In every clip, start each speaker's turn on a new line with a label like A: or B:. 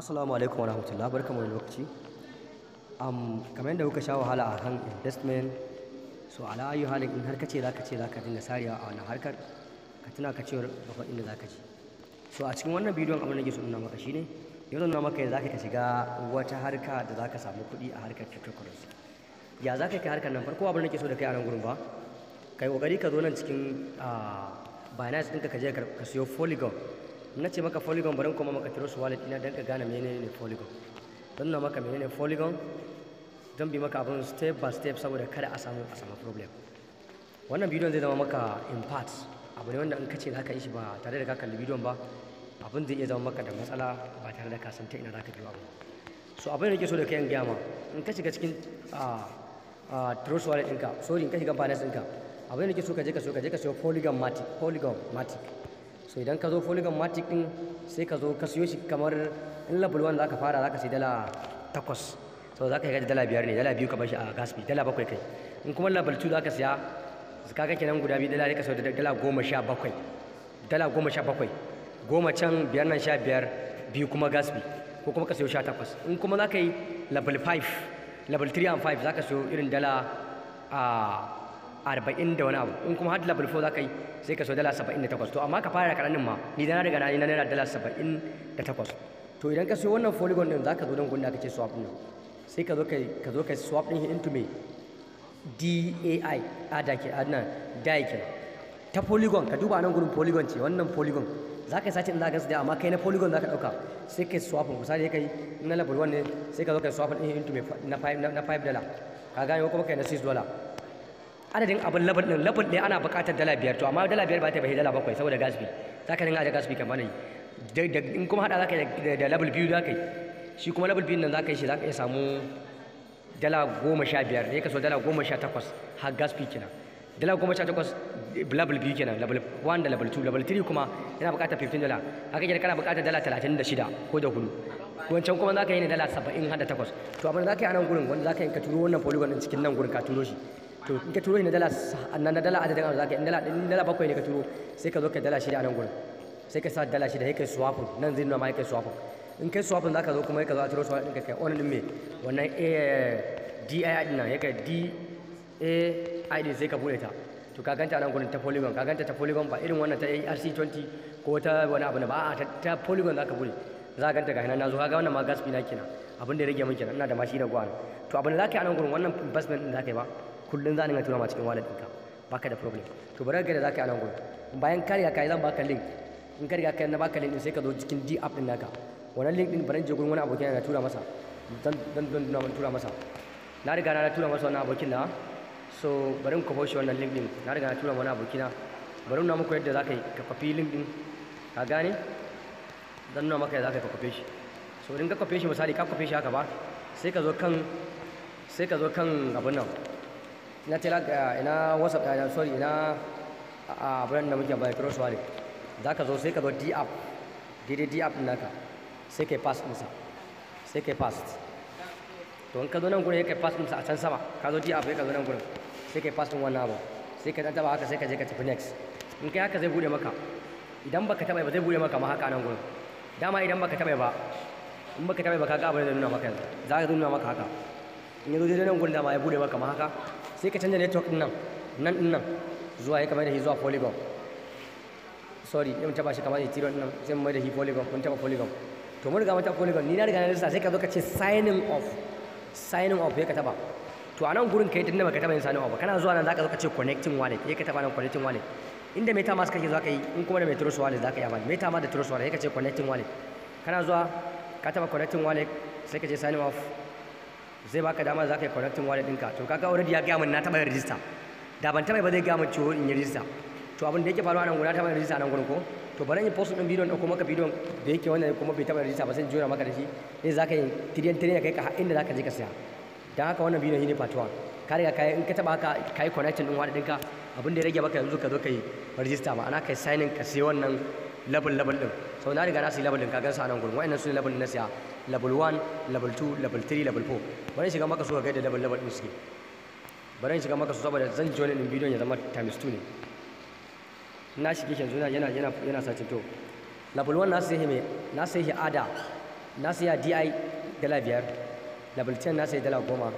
A: assalamu alaikum wa rahmatullah barkamu da lokaci um, kamar yadda kuka sha wahala a kan investment so ala ayu halin in har kace zaka ce zaka dinga sarewa a wannan harkar ka tuna ka ce babban inda zaka ci so a cikin wannan bidiyon abin da nake nuna maka shine ya nuna maka yadda zaka shiga wata harka da zaka samu kuɗi a harkar cryptocurrency ya zaka kai harkar nan farko abin da nake so da kai a nan gurin ba kai kokari ka zo nan cikin ah, Binance ɗinka ka je ka siyo Polygon na ce maka polygon bari kuma maka tiro su wallet ina don ka gane menene polygon don na maka menene polygon don bi maka abin step by step saboda kada a samu a samu problem wannan bidiyon zai zama maka in part abu ne wanda in ka ce za ka yi shi ba tare da ka kalli bidiyon ba abin zai iya zama maka da matsala ba tare da ka san ta ina za ka biyo abu so abin da ke so da kayan gaya ma in ka shiga cikin trust wallet ɗinka sorry in ka shiga balance ɗinka abin da ke so ka je ka so ka je ka siyo polygon matic polygon matic so idan ka zo polygon matic din sai ka zo ka siyo shi kamar in level 1 ka fara za ka sai dala 8 so zaka kai dala 5 ne dala 2 ka bar shi a gas fee dala 7 kai in kuma level 2 za ka siya kaga kenan guda biyu dala ne ka siyo dala 17 dala 17 goma can biyar nan sha biyar biyu kuma gas fee ko kuma ka siyo sha takwas in kuma za ka yi level 5 level 3 and 5 za ka siyo irin dala a ah, arba'in da wani abu in kuma har level 4 za ka yi sai ka so dala saba'in da takwas to amma ka fara karanin ma ni da na riga na yi na naira dala saba'in da takwas to idan ka siyo wannan polygon din za ka zo don gunda ka ce swap din sai ka zo ka zo ka swap din into me DAI ada ke adnan DAI ke ta polygon ka duba nan gurin polygon ce wannan polygon za ka sace in za ka su da amma kai na polygon za ka ɗauka sai ka swap din misali kai na level wannan ne sai ka zo ka swap din into me na 5 na 5 dala ka gane ko kuma kai na 6 dala adadin abin labar ɗin labar ɗin ana buƙatar dala biyar to amma dala biyar ba ta bai dala bakwai saboda gas ta za ka dinga da gas kamar ne in kuma haɗa za ka yi da labar biyu za ka yi shi kuma labar biyun nan za ka yi shi za ka iya samu dala goma sha biyar ne kaso dala goma sha takwas har gas bi kenan dala goma sha takwas labar biyu kenan labar wan da labar tu labar tiri kuma yana buƙatar 15 dala haka kenan kana buƙatar dala shida ko da hudu wancan kuma za ka yi ne dala saba'in har da takwas to abin da za ka yi a nan gurin wanda za ka yi ka turo wannan polygon cikin nan gurin ka turo shi to in ka turo ni dala na dala adadin abu zaka in dala in dala bakwai ne ka turo sai ka zo ka dala shida a nan gurin sai ka sa dala shida sai kai swapin nan zai nuna ma kai swapin in kai swapin zaka zo kuma ka zo a turo swapin ka kai on din me wannan DI din nan yake D A I sai ka bude ta to ka ganta nan gurin ta polygon ka ganta ta polygon ba irin wannan ta ARC20 ko ta wani abu na ba a ta polygon zaka bude za ka ganta ga hinan nazo kaga wannan ma gaspi na kenan abin da ya rage min kenan ina da mashi da gwan to abin da zaka yi a nan gurin wannan investment din zaka yi ba kullum za a dinga tura ma cikin wallet ɗinka baka da problem to bari ka da zaka yi anan gurin bayan ka riga kai zan baka link in ka riga kai na baka link din sai ka zo cikin D app din naka wannan link din bari je gurin wani abokin na tura masa dan dan dan na tura masa na riga na tura masa wannan abokin na so bari in hoshi shi wannan link din na riga na tura wani abokina bari na muku yadda zaka yi ka kafi link din ka gane dan nuna maka yadda zaka kwafe shi so idan ka kwafe shi misali ka kwafe shi haka ba sai ka zo kan sai ka zo kan abin nan ina telag eh, ina whatsapp ina eh, sorry ina a brand da muke cross wallet za ka zo sai ka zo d app daidai d app naka sai ka pass musa sai ka pass to in ka zo nan gurin sai ka pass musa a can sama ka zo d app sai ka zo nan gurin sai ka pass ɗin wannan abu sai ka dan taba haka sai ka je ka tafi next in kai haka zai bude maka idan baka taba ba zai bude maka ma haka nan gurin dama idan baka taba ba in baka taba ba ka ga abin da nuna maka yanzu za ka nuna maka haka in yanzu dai nan gurin dama ya bude maka ma haka sai ka canza network din nan nan din nan zuwa ya kamar da shi zuwa polygon sorry ya taba shi kamar da tiron nan sai mai da shi polygon kun taba polygon to mun riga mata polygon ni na riga na lissa sai ka zo ka ce signing off signing off ya ka taba to a nan gurin kai tunda baka taba yin signing off kana zuwa nan zaka zo ka ce connecting wallet ya ka taba nan connecting wallet inda metamask kake zo ka yi in kuma da mai trust wallet zaka yi amfani ma da trust wallet ya ka ce connecting wallet kana zuwa ka taba connecting wallet sai ka ce signing off zai baka dama za ka yi connecting wallet ɗinka to kaga already ya gaya min na taɓa rijista da ban taɓa ba zai gaya min cewa in yi rijista to abin da yake faruwa nan guda taɓa yin rijista nan gurin ko to bari in post ɗin bidiyon kuma maka bidiyon da yake wannan kuma bai taɓa yin rijista ba sai jura maka da shi ne za ka yi tiriyan tiriyan kai ka inda za ka je ka siya Dan haka wannan bidiyon shine part 1 ka riga ka in ka taɓa haka ka yi connecting ɗin wallet ɗinka abin da ya rage maka yanzu ka zo ka yi rijista ma'ana ka yi signing ka siya wannan level level din so na riga na sai level din ka gan sa nan gurin wa'annan su ne level na siya level 1 level 2 level 3 level 4 bari shiga maka su ga gaida level level din suke bari shiga maka su saboda zan ji wani bidiyon ya zama times 2 ne na shige shi yanzu yana yana yana sace to level 1 na sai hime na sai hi ada na sai ya di dala biyar level 10 na sai dala goma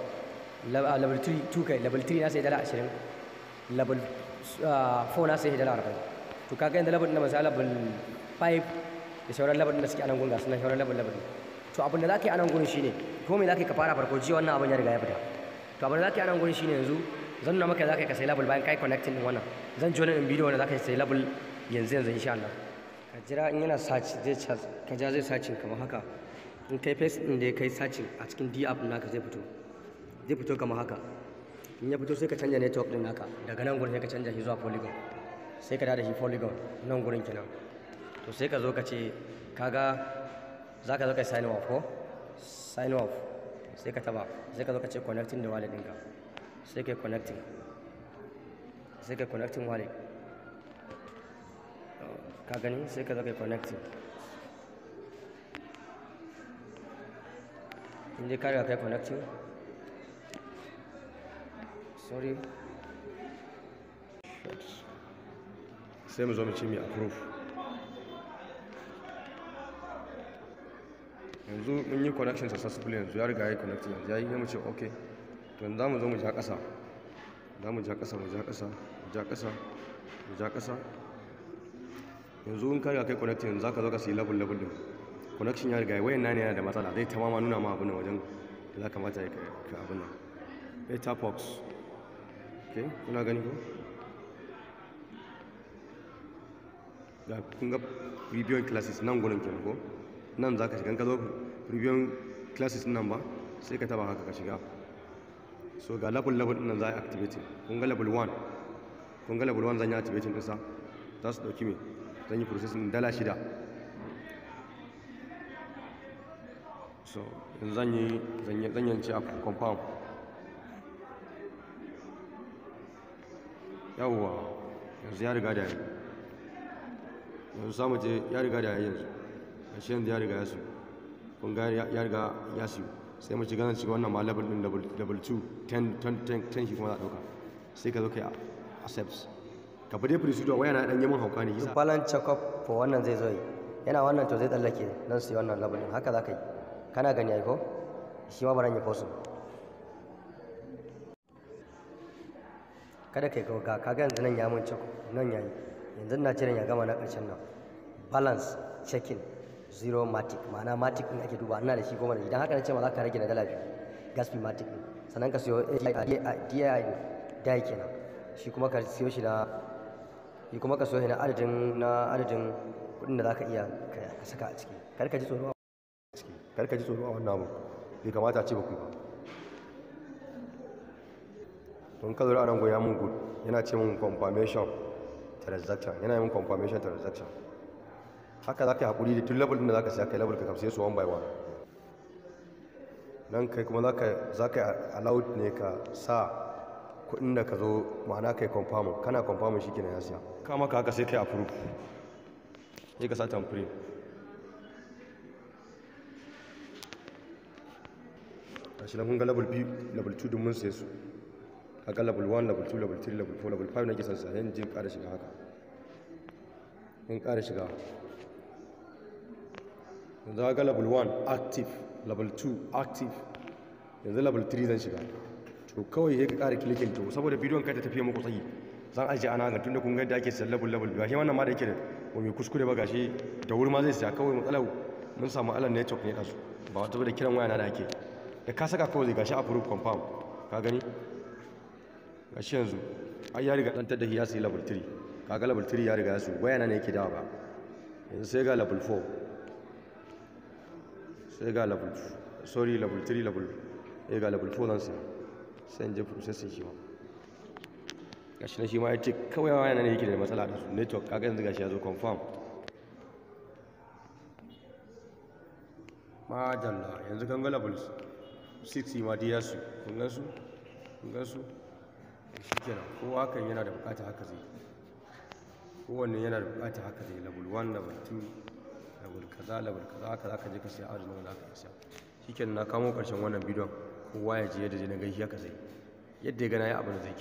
A: level 3 2 kai level 3 na sai dala 20 level 4 ah, na sai dala 40 to kaga inda labarin da masu labarin 5 da sauran labarin da suke anan gun gasu na sauran labarin to abin da za ka yi anan gun shine ko me za ka yi ka fara farko jiya wannan abin ya riga ya fita to abin da za ka yi anan gun shine yanzu zan nuna maka za ka yi ka sai label bayan kai connecting din wannan zan ji wani bidiyo wanda za ka sai label yanzu yanzu insha Allah ka jira in yana search zai ka ja zai search kamar haka in kai face din da kai search a cikin D app naka zai fito zai fito kamar haka in ya fito sai ka canja network din naka daga nan gurin sai ka canja shi zuwa polygon sai ka da shi polygon nan gurin kenan to sai ka zo ka ce kaga za ka zo ka sign off ko sign off sai ka taba sai ka zo ka ce connecting da wallet ɗinka sai ka connecting sai ka connecting wallet ka gani sai ka zo ka connecting inda ka riga kai connecting sorry
B: Thanks. sai mu zo mu ce mai approve yanzu mun yi connection successfully yanzu ya riga ya connect yanzu ya yi mu ce ok to yanzu zamu zo mu ja kasa zamu ja kasa mu ja kasa mu ja kasa mu ja kasa yanzu in ka riga kai connect yanzu zaka zo ka siyi level level din connection ya riga wayan nan yana da matsala zai ta mama nuna ma abin nan wajen da za kamata ya kai abin nan eta box okay kuna gani ko ga kun ga classes nan gurin ke ko nan za ka shiga ka zo previewing classes nan ba sai ka taba haka ka shiga so ga level level din nan za a activate kun ga level 1 kunga level 1 zan yi activate din sa za su dauki me zan yi process ɗin dala shida so in zan yi zan yi a compound yawwa yanzu ya riga da yi yanzu samu je ya riga da yayi yanzu a shi yanzu ya riga ya su kun ga ya riga ya su sai mace ganin cikin wannan ma level din level 2 10 shi kuma za ɗauka sai ka zo kai accepts ka fade prisudo wayana na dan yamin hauka ne yasa
A: balan check up for wannan zai zo yi yana wannan to zai tsallake nan su yi wannan level din haka za ka yi kana gani ya yi ko shi ma baran ya fosu kada kai ga kaga yanzu nan ya mun check nan yayi yanzu na ciran ya gama na ƙarshen nan balance checking zero matic ma'ana matic ɗin ake duba ina da shi goma da idan haka na ce ma za ka rage na dala biyu gas fee matic ɗin sannan ka siyo DI dai kenan shi kuma ka siyo shi na shi kuma ka siyo shi na adadin na adadin kuɗin da za ka iya ka saka a ciki kar ka ji tsoro a ciki kar ka ji tsoro a wannan abu bai kamata a ce ba ku ba
B: don ka zo da anan goya mun good yana ce mun confirmation transaction yana yin confirmation transaction haka za ka yi haƙuri da tun level din da za ka siya kai level ka kamsai su one by one nan kai kuma za ka yi allowed ne ka sa kuɗin da ka zo ma'ana ka yi confirm kana confirm shi kenan ya siya kama ka haka sai ka yi approve sai ka sa tamfiri a shi kun ga 2 level 2 din mun sai su akalla level 1 level 2 level 3 level 4 level 5 nake son sa yanzu in ƙara shiga haka in ƙara shiga yanzu haka level 1 active level 2 active yanzu level 3 zan shiga to kawai sai ka ƙara kilikin to saboda bidiyon ka ta tafiye muku tsayi zan ajiye ana ga tunda kun ga da ake sayar level level ga shi wannan ma da yake da ko mai kuskure ba gashi da wuri ma zai saya kawai matsalar mun samu alar network ne su ba wata da kiran waya na da ake da ka saka kawai zai gashi approve confirm ka gani gashi yanzu ai ya riga dan da ya sai level 3 kaga level 3 ya riga yasu su waya ne yake dawa ba yanzu sai ga level 4 sai ga level sorry level 3 level sai eh, ga level 4 nan sai sai je processing shi ma gashi na shi ma ya ce kawai waya na ne yake da matsala da su network kaga yanzu gashi ya zo confirm madalla yanzu kan ga level 6 ma diya su kun gan su kun gan su shi kenan kowa kan yana da bukata haka zai kowanne yana da bukata haka zai level 1 level 2 kaza level kaza haka za ka je ka siya wanda aka siya shi na kamo karshen wannan bidiyon kowa ya je yadda zai na gaishe haka zai yadda ya gana abin da zai